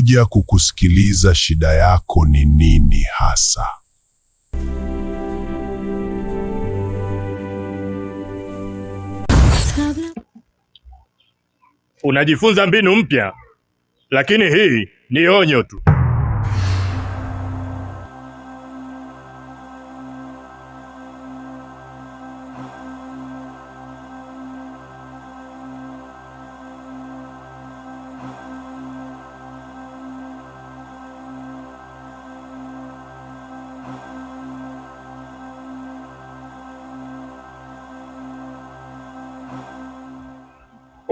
nimekuja kukusikiliza, shida yako ni nini hasa? Unajifunza mbinu mpya, lakini hii ni onyo tu.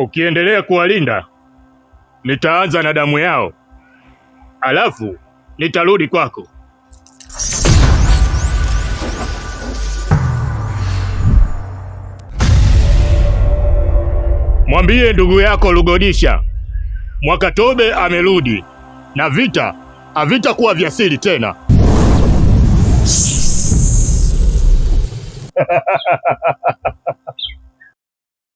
Ukiendelea kuwalinda, nitaanza na damu yao, alafu nitarudi kwako. Mwambie ndugu yako Lugodisha Mwakatobe amerudi na vita havitakuwa vya siri tena.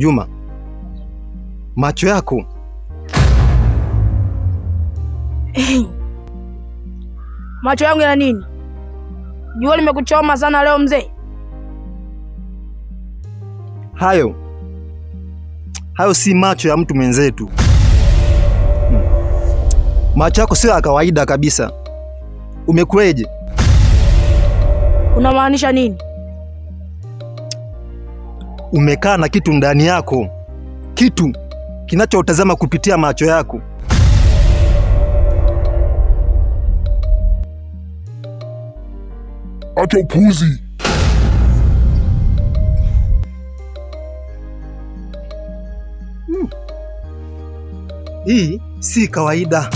Juma, macho yako hey. Macho yangu yana nini? Jua limekuchoma sana leo mzee. Hayo hayo si macho ya mtu mwenzetu. Hmm. Macho yako sio ya kawaida kabisa. Umekuweje? Unamaanisha nini? umekaa na kitu ndani yako, kitu kinachotazama kupitia macho yako. Acha puzi Hmm. Hii si kawaida.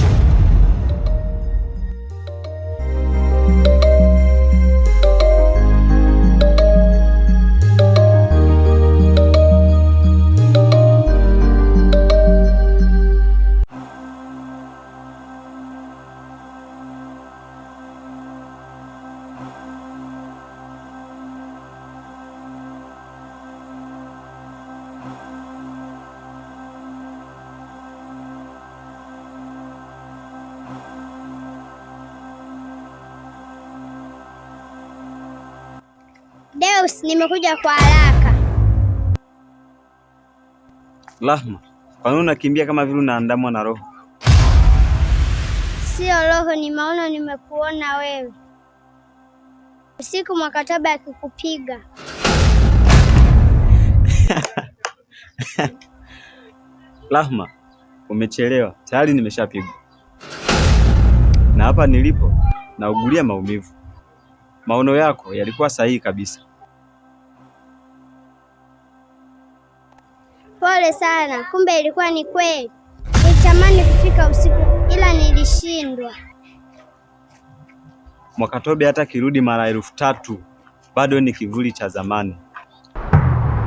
Deus, nimekuja kwa haraka. Lahma, kwa nini unakimbia kama vile unaandamwa na roho? Sio roho, ni maono. Nimekuona wewe usiku, mwakataba akikupiga Lahma, umechelewa tayari, nimeshapigwa na hapa nilipo naugulia maumivu. Maono yako yalikuwa sahihi kabisa. pole sana, kumbe ilikuwa ni kweli. Nilitamani kufika usiku ila nilishindwa. Mwakatobe hata kirudi mara elfu tatu bado ni kivuli cha zamani.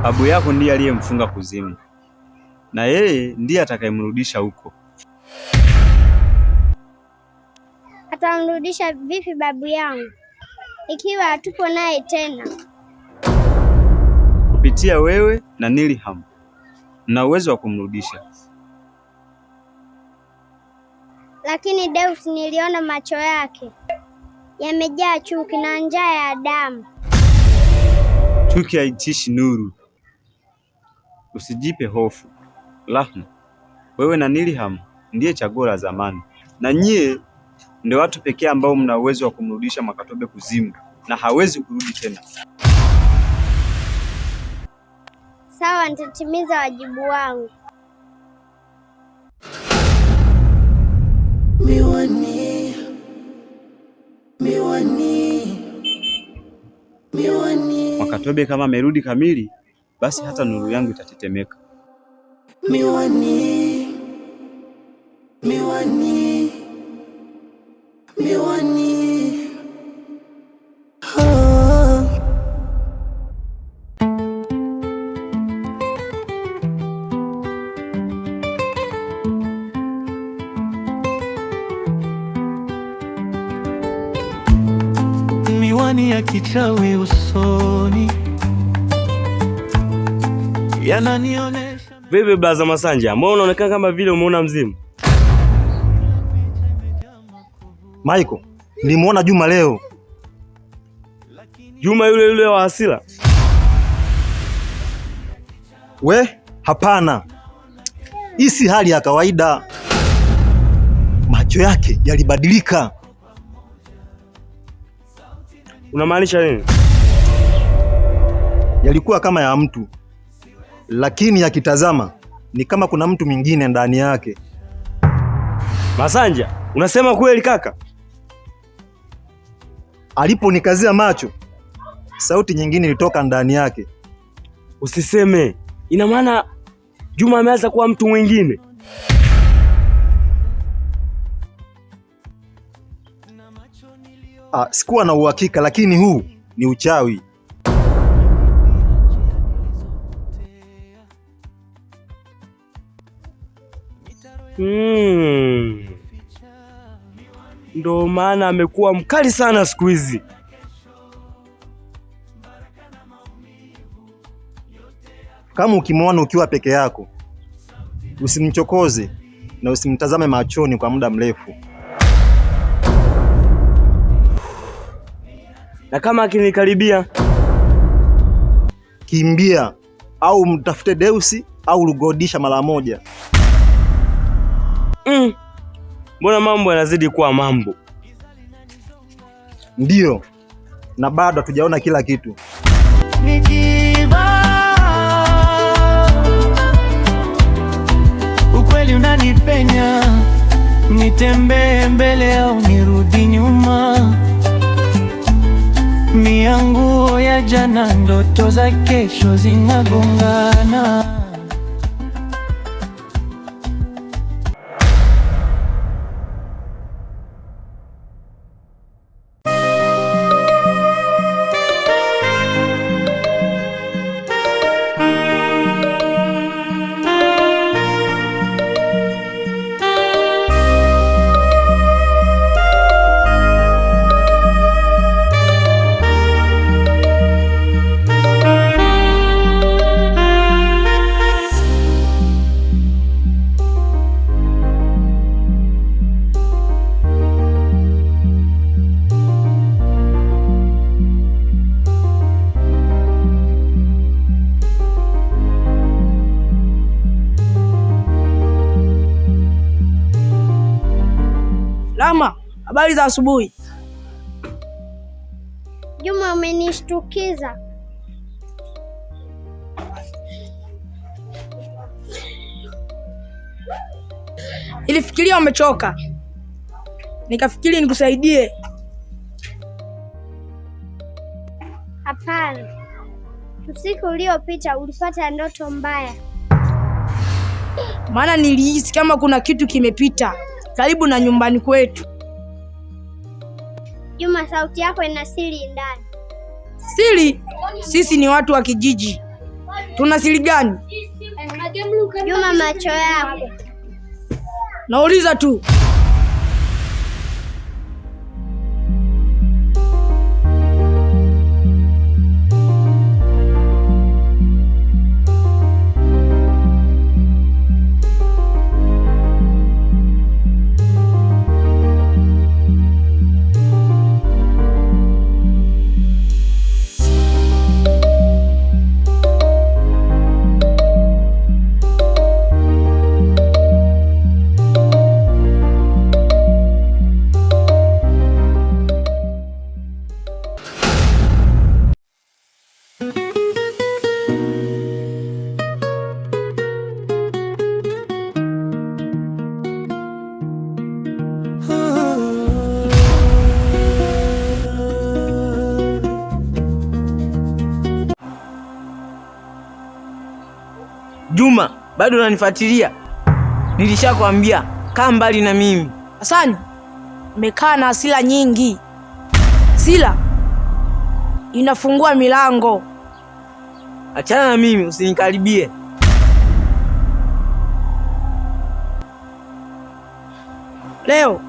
Babu yako ndiye aliyemfunga kuzimu na yeye ndiye atakayemrudisha huko. Atamrudisha vipi babu yangu ikiwa hatupo naye tena? Kupitia wewe na Nilham na uwezo wa kumrudisha. Lakini Deus, niliona macho yake yamejaa chuki na njaa ya damu. Chuki haitishi nuru. Usijipe hofu rahma wewe na Nilham ndiye chaguo la zamani, na nyie ndio watu pekee ambao mna uwezo wa kumrudisha Makatobe kuzimu, na hawezi kurudi tena. Sawa, nitatimiza wajibu wangu. Miwani, miwani, miwani. Wakatobe kama amerudi kamili, basi hata nuru yangu itatetemeka. Miwani uchawi usoni yananionesha. blaza Masanja, mbona unaonekana kama vile umeona mzimu? Maiko, nilimwona Juma leo. Juma yule yule wa hasira? We, hapana, hii si hali ya kawaida. Macho yake yalibadilika Unamaanisha nini? Yalikuwa kama ya mtu, lakini yakitazama ni kama kuna mtu mwingine ndani yake. Masanja, unasema kweli kaka? Aliponikazia macho, sauti nyingine ilitoka ndani yake. Usiseme, ina maana Juma ameanza kuwa mtu mwingine. Ah, sikuwa na uhakika, lakini huu ni uchawi. Mm. Ndo maana amekuwa mkali sana siku hizi. Kama ukimwona ukiwa peke yako, usimchokoze na usimtazame machoni kwa muda mrefu. na kama akinikaribia, kimbia au mtafute Deusi au lugodisha mara moja. Mm. Mbona mambo yanazidi kuwa mambo? Ndiyo, na bado hatujaona kila kitu. pamoja na ndoto za kesho zinagongana. Habari za asubuhi. Juma, umenishtukiza. Ilifikiria umechoka, nikafikiri nikusaidie. Hapana, usiku uliopita ulipata ndoto mbaya, maana nilihisi kama kuna kitu kimepita karibu na nyumbani kwetu kama sauti yako ina siri ndani. Siri? Sisi ni watu wa kijiji, tuna siri gani? Juma, macho yako nauliza tu. bado unanifuatilia? Nilishakwambia kaa mbali na mimi. Hasani, umekaa na hasira nyingi. Hasira inafungua milango. Achana na mimi, usinikaribie. Leo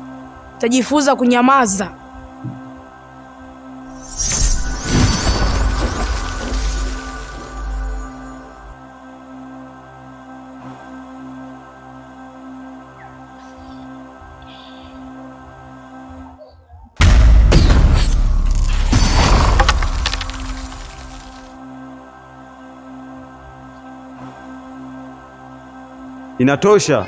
utajifunza kunyamaza. inatosha.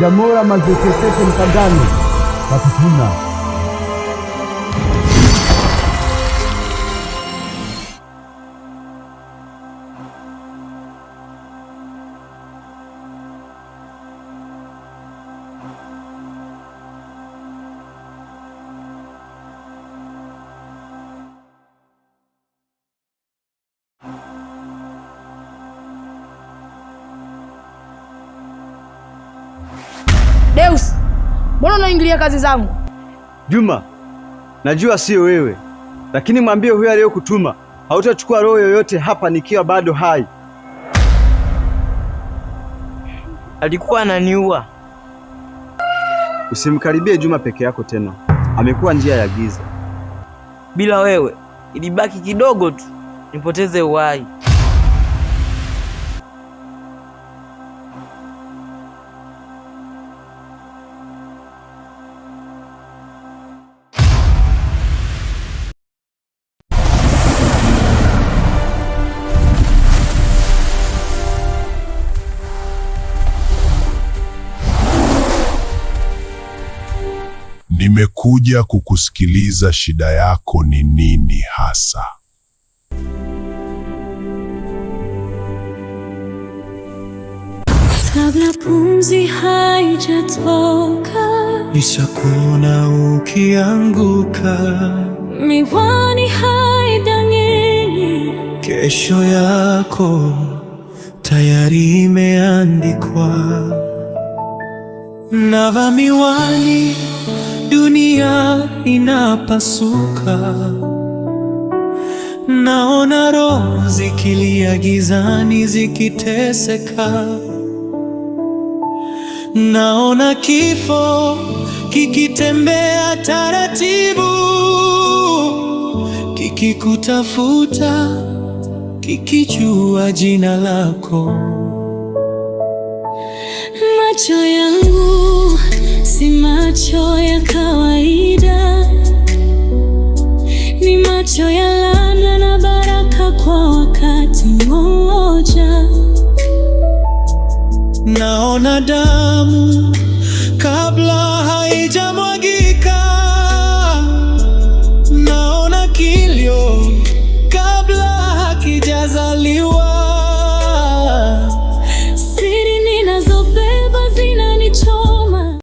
Jamora mazekeseke mkagani pakutuna unaingilia kazi zangu? Juma, najua siyo wewe, lakini mwambie huyo aliyokutuma hautachukua roho yoyote hapa nikiwa bado hai. Alikuwa ananiua. Usimkaribie Juma peke yako tena, amekuwa njia ya giza. Bila wewe ilibaki kidogo tu nipoteze uhai. nimekuja kukusikiliza, shida yako ni nini hasa? Kabla pumzi haijatoka, nishakuona ukianguka, miwani haidangeni, kesho yako tayari imeandikwa. Nava miwani dunia inapasuka, naona roho zikilia gizani zikiteseka, naona kifo kikitembea taratibu, kikikutafuta, kikijua jina lako. Macho yangu si macho ya kawaida, ni macho ya laana na baraka kwa wakati mmoja. Naona damu